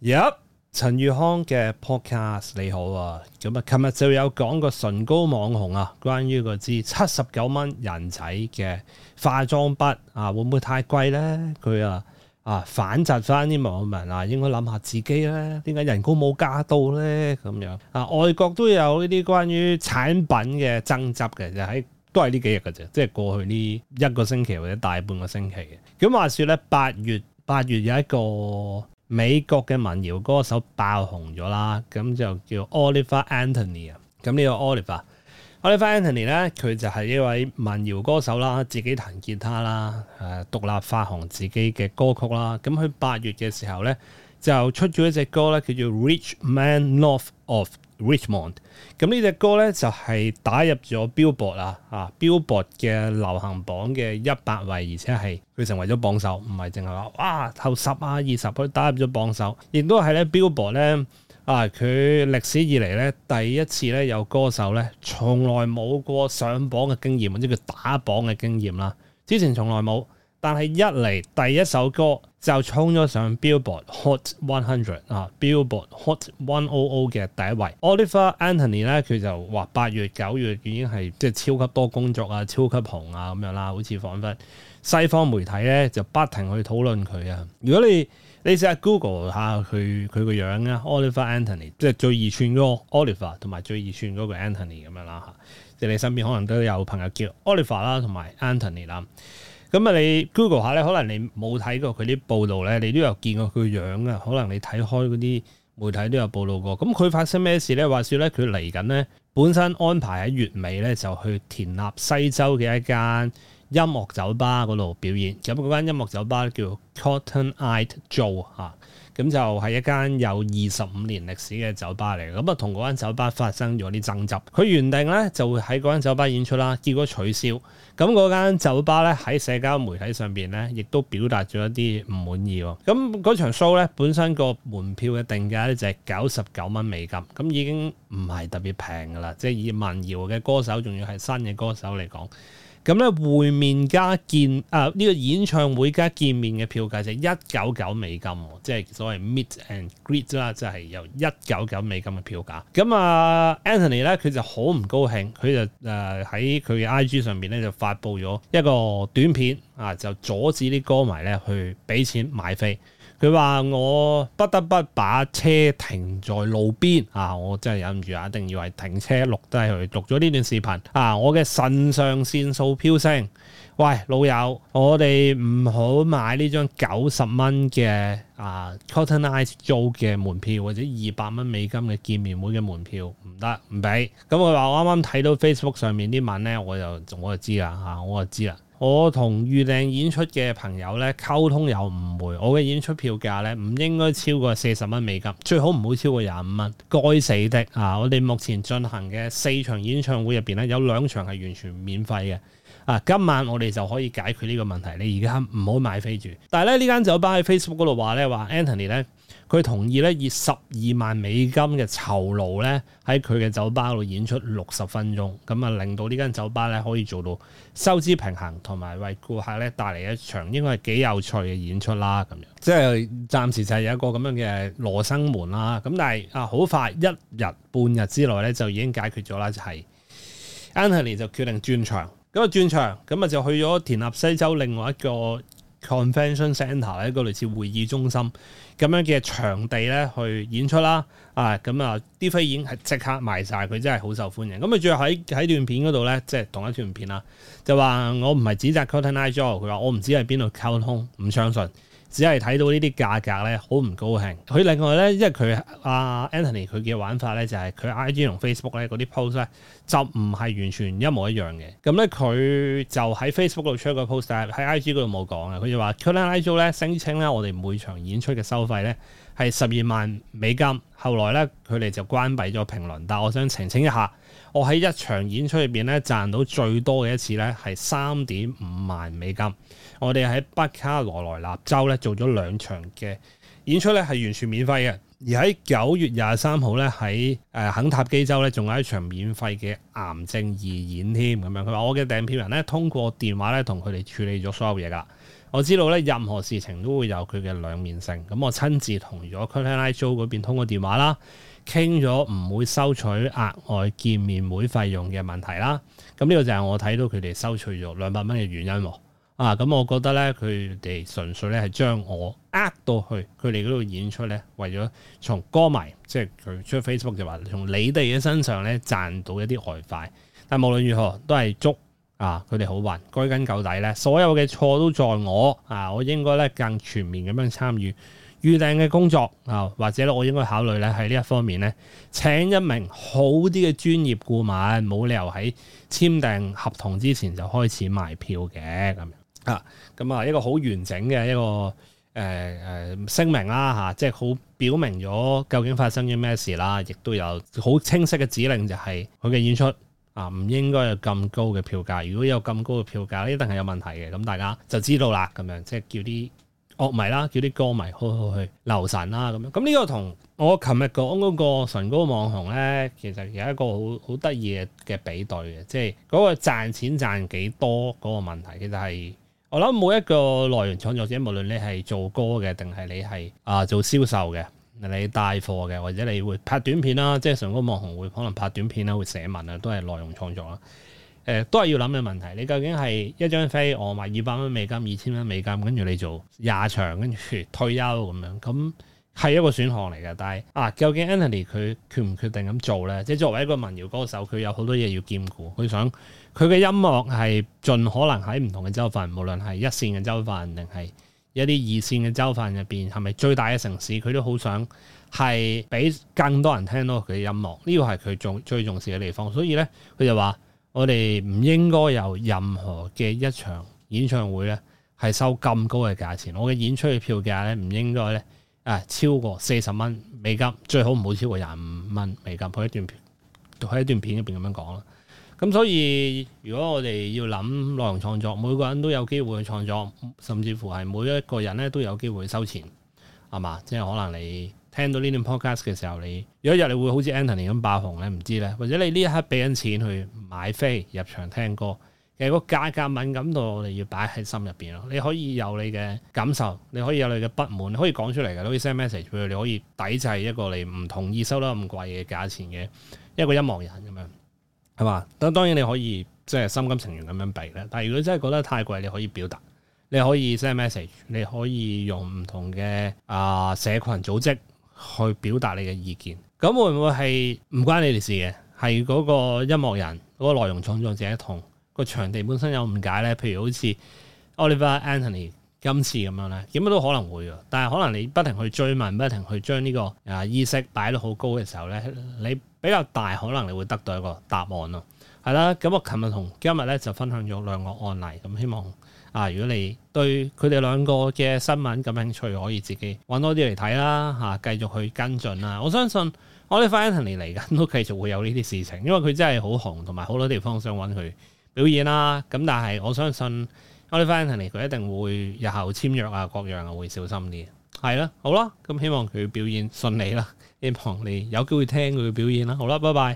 入陳宇康嘅 podcast，你好啊！咁啊，琴日就有講過唇膏網紅啊，關於嗰支七十九蚊人仔嘅化妝筆啊，會唔會太貴咧？佢啊啊反詰翻啲網民啊，啊應該諗下自己咧，點解人工冇加到咧？咁樣啊，外國都有呢啲關於產品嘅爭執嘅，就喺都係呢幾日嘅啫，即係過去呢一個星期或者大半個星期嘅。咁話說咧，八月八月有一個。美國嘅民謠歌手爆紅咗啦，咁就叫 Oliver Anthony 啊，咁呢個 Oliver Oliver Anthony 咧，佢就係一位民謠歌手啦，自己彈吉他啦，誒獨立發行自己嘅歌曲啦，咁佢八月嘅時候咧就出咗一隻歌咧，叫做 Rich Man North of Richmond，咁呢隻歌咧就係打入咗 Billboard 啊，啊 Billboard 嘅流行榜嘅一百位，而且係佢成為咗榜首，唔係淨係話哇頭十啊二十佢打入咗榜首，亦都係咧 Billboard 咧啊佢歷史以嚟咧第一次咧有歌手咧從來冇過上榜嘅經驗，或者叫打榜嘅經驗啦，之前從來冇。但係一嚟第一首歌就衝咗上 Billboard Hot One Hundred 啊，Billboard Hot One O O 嘅第一位。Oliver Anthony 咧，佢就話八月九月已經係即係超級多工作啊，超級紅啊咁樣啦，好似彷彿西方媒體咧就不停去討論佢啊。如果你你試，試 Google 下 Google 下佢佢個樣啊，Oliver Anthony 即係最易串嗰個 Oliver 同埋最易串嗰個 Anthony 咁樣啦嚇。即、啊、係你身邊可能都有朋友叫 Oliver 啦、啊，同埋 Anthony 啦、啊。咁啊，你 Google 下咧，可能你冇睇過佢啲報道咧，你都有見過佢樣啊。可能你睇開嗰啲媒體都有報道過。咁佢發生咩事咧？話說咧，佢嚟緊咧，本身安排喺月尾咧就去田納西州嘅一間音樂酒吧嗰度表演。咁嗰間音樂酒吧叫做 Cotton Eye Joe 啊。咁就係一間有二十五年歷史嘅酒吧嚟，咁啊同嗰間酒吧發生咗啲爭執。佢原定呢就會喺嗰間酒吧演出啦，結果取消。咁嗰間酒吧呢，喺社交媒體上邊呢，亦都表達咗一啲唔滿意。咁嗰場 show 呢，本身個門票嘅定價呢就係九十九蚊美金，咁已經唔係特別平噶啦。即係以民謠嘅歌手，仲要係新嘅歌手嚟講。咁咧會面加見，誒、呃、呢、呢個演唱會加見面嘅票價就一九九美金，即係所謂 meet and greet 啦，就係由一九九美金嘅票價。咁、嗯、啊 Anthony 咧，佢就好唔高興，佢就誒喺佢嘅 IG 上邊咧就發佈咗一個短片啊，就阻止啲歌迷咧去俾錢買飛。佢話：我不得不把車停在路邊啊！我真係忍唔住啊，一定要係停車錄低佢。錄咗呢段視頻啊，我嘅腎上腺素飆升。喂，老友，我哋唔好買呢張九十蚊嘅啊，Cotton Eye Joe 嘅門票，或者二百蚊美金嘅見面會嘅門票，唔得，唔俾。咁佢話：我啱啱睇到 Facebook 上面啲文呢，我就我就知啦嚇，我就知啦。我同預訂演出嘅朋友咧，溝通有誤會，我嘅演出票價咧唔應該超過四十蚊美金，最好唔好超過廿五蚊。該死的啊！我哋目前進行嘅四場演唱會入邊咧，有兩場係完全免費嘅。啊！今晚我哋就可以解決呢個問題。你而家唔好買飛住。但係咧，呢間酒吧喺 Facebook 嗰度話咧，話 Anthony 咧，佢同意咧以十二萬美金嘅酬勞咧，喺佢嘅酒吧度演出六十分鐘，咁啊令到呢間酒吧咧可以做到收支平衡，同埋為顧客咧帶嚟一場應該係幾有趣嘅演出啦。咁樣即係暫時就係有一個咁樣嘅羅生門啦。咁但係啊，好快一日半日之內咧就已經解決咗啦。就係 Anthony 就決定轉場。一個轉場，咁啊就去咗田納西州另外一個 convention centre，一個類似會議中心咁樣嘅場地咧，去演出啦。啊，咁啊啲飛已經係即刻賣晒，佢真係好受歡迎。咁啊，最後喺喺段片嗰度咧，即係同一段片啦，就話我唔係指責 Cotton Eye Joe，佢話我唔知喺邊度溝通，唔相信。只係睇到呢啲價格咧，好唔高興。佢另外咧，因為佢阿、啊、Anthony 佢嘅玩法咧，就係佢 IG 同 Facebook 咧嗰啲 post 咧，就唔係完全一模一樣嘅。咁咧，佢就喺 Facebook 度出個 post 喺 IG 度冇講嘅，佢就話 c o n Ijo 咧聲稱咧，我哋每場演出嘅收費咧。係十二萬美金，後來咧佢哋就關閉咗評論。但我想澄清一下，我喺一場演出入邊咧賺到最多嘅一次咧係三點五萬美金。我哋喺北卡羅來納州咧做咗兩場嘅演出咧係完全免費嘅。而喺九月廿三號咧喺誒肯塔基州咧仲有一場免費嘅癌症義演添，咁樣。佢話我嘅訂票人咧通過電話咧同佢哋處理咗所有嘢㗎。我知道咧，任何事情都會有佢嘅兩面性。咁我親自同咗 c u t t i n Ijo 嗰邊通過電話啦，傾咗唔會收取額外見面會費用嘅問題啦。咁呢個就係我睇到佢哋收取咗兩百蚊嘅原因。啊，咁我覺得咧，佢哋純粹咧係將我呃到去佢哋嗰度演出咧，為咗從歌迷，即係佢出 Facebook 嘅話，從你哋嘅身上咧賺到一啲外快。但無論如何，都係祝。啊！佢哋好運，歸根究底咧，所有嘅錯都在我啊！我應該咧更全面咁樣參與預訂嘅工作啊，或者我應該考慮咧喺呢一方面咧請一名好啲嘅專業顧問，冇理由喺簽訂合同之前就開始賣票嘅咁樣啊！咁啊一個好完整嘅一個誒誒聲明啦、啊、嚇、啊，即係好表明咗究竟發生咗咩事啦，亦、啊、都有好清晰嘅指令，就係佢嘅演出。啊，唔應該有咁高嘅票價。如果有咁高嘅票價，一定係有問題嘅。咁大家就知道啦。咁樣即係叫啲樂迷啦，叫啲歌、歌迷好好去留神啦。咁樣咁呢、這個同我琴日講嗰個唇膏網紅咧，其實有一個好好得意嘅比對嘅，即係嗰個賺錢賺幾多嗰，那個問題。其實係我諗每一個內容創作者，無論你係做歌嘅定係你係啊、呃、做銷售嘅。你帶貨嘅，或者你會拍短片啦，即係上個網紅會可能拍短片啦，會寫文啊，都係內容創作啦。誒、呃，都係要諗嘅問題。你究竟係一張飛我賣二百蚊美金、二千蚊美金，跟住你做廿場，跟住退休咁樣，咁係一個選項嚟嘅。但係啊，究竟 Anthony 佢決唔決定咁做咧？即係作為一個民謠歌手，佢有好多嘢要兼顧。佢想佢嘅音樂係盡可能喺唔同嘅州份，無論係一線嘅州份定係。一啲二線嘅州份入邊，係咪最大嘅城市？佢都好想係俾更多人聽到佢嘅音樂。呢個係佢重最重視嘅地方。所以咧，佢就話：我哋唔應該有任何嘅一場演唱會咧，係收咁高嘅價錢。我嘅演出嘅票價咧，唔應該咧啊超過四十蚊美金，最好唔好超過廿五蚊美金。佢一段片，喺一段片入邊咁樣講啦。咁所以，如果我哋要諗內容創作，每個人都有機會去創作，甚至乎係每一個人咧都有機會收錢，係嘛？即係可能你聽到呢段 podcast 嘅時候，你有一日你會好似 Anthony 咁爆紅咧，唔知咧，或者你呢一刻俾緊錢去買飛入場聽歌，其實個價格敏感度，我哋要擺喺心入邊咯。你可以有你嘅感受，你可以有你嘅不滿，你可以講出嚟嘅，你可以 send message 俾佢，你可以抵制一個你唔同意收得咁貴嘅價錢嘅一個音樂人咁樣。係嘛？咁當然你可以即係心甘情願咁樣俾咧。但係如果真係覺得太貴，你可以表達，你可以 send message，你可以用唔同嘅啊社群組織去表達你嘅意見。咁會唔會係唔關你哋事嘅？係嗰個音樂人、嗰個內容創造者同個場地本身有誤解咧。譬如好似 Oliver Anthony。今次咁樣咧，點都可能會啊？但係可能你不停去追問，不停去將呢個啊意識擺到好高嘅時候咧，你比較大可能你會得到一個答案咯。係啦，咁我琴日同今日咧就分享咗兩個案例，咁希望啊，如果你對佢哋兩個嘅新聞感興趣，可以自己揾多啲嚟睇啦，嚇、啊，繼續去跟進啦。我相信我哋 Anthony 嚟緊都繼續會有呢啲事情，因為佢真係好紅，同埋好多地方想揾佢表演啦。咁但係我相信。我哋翻嚟，佢一定會日後簽約啊，各樣啊會小心啲，係啦，好啦，咁、嗯、希望佢表演順利啦，希望你有機會聽佢嘅表演啦，好啦，拜拜。